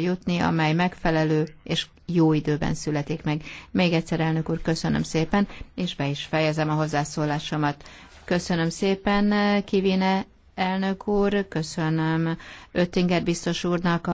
jutni, amely megfelelő és jó időben születik meg. Még egyszer, elnök úr, köszönöm szépen, és be is fejezem a hozzászólásomat. Köszönöm szépen, Kivine elnök úr, köszönöm Öttinger biztos úrnak.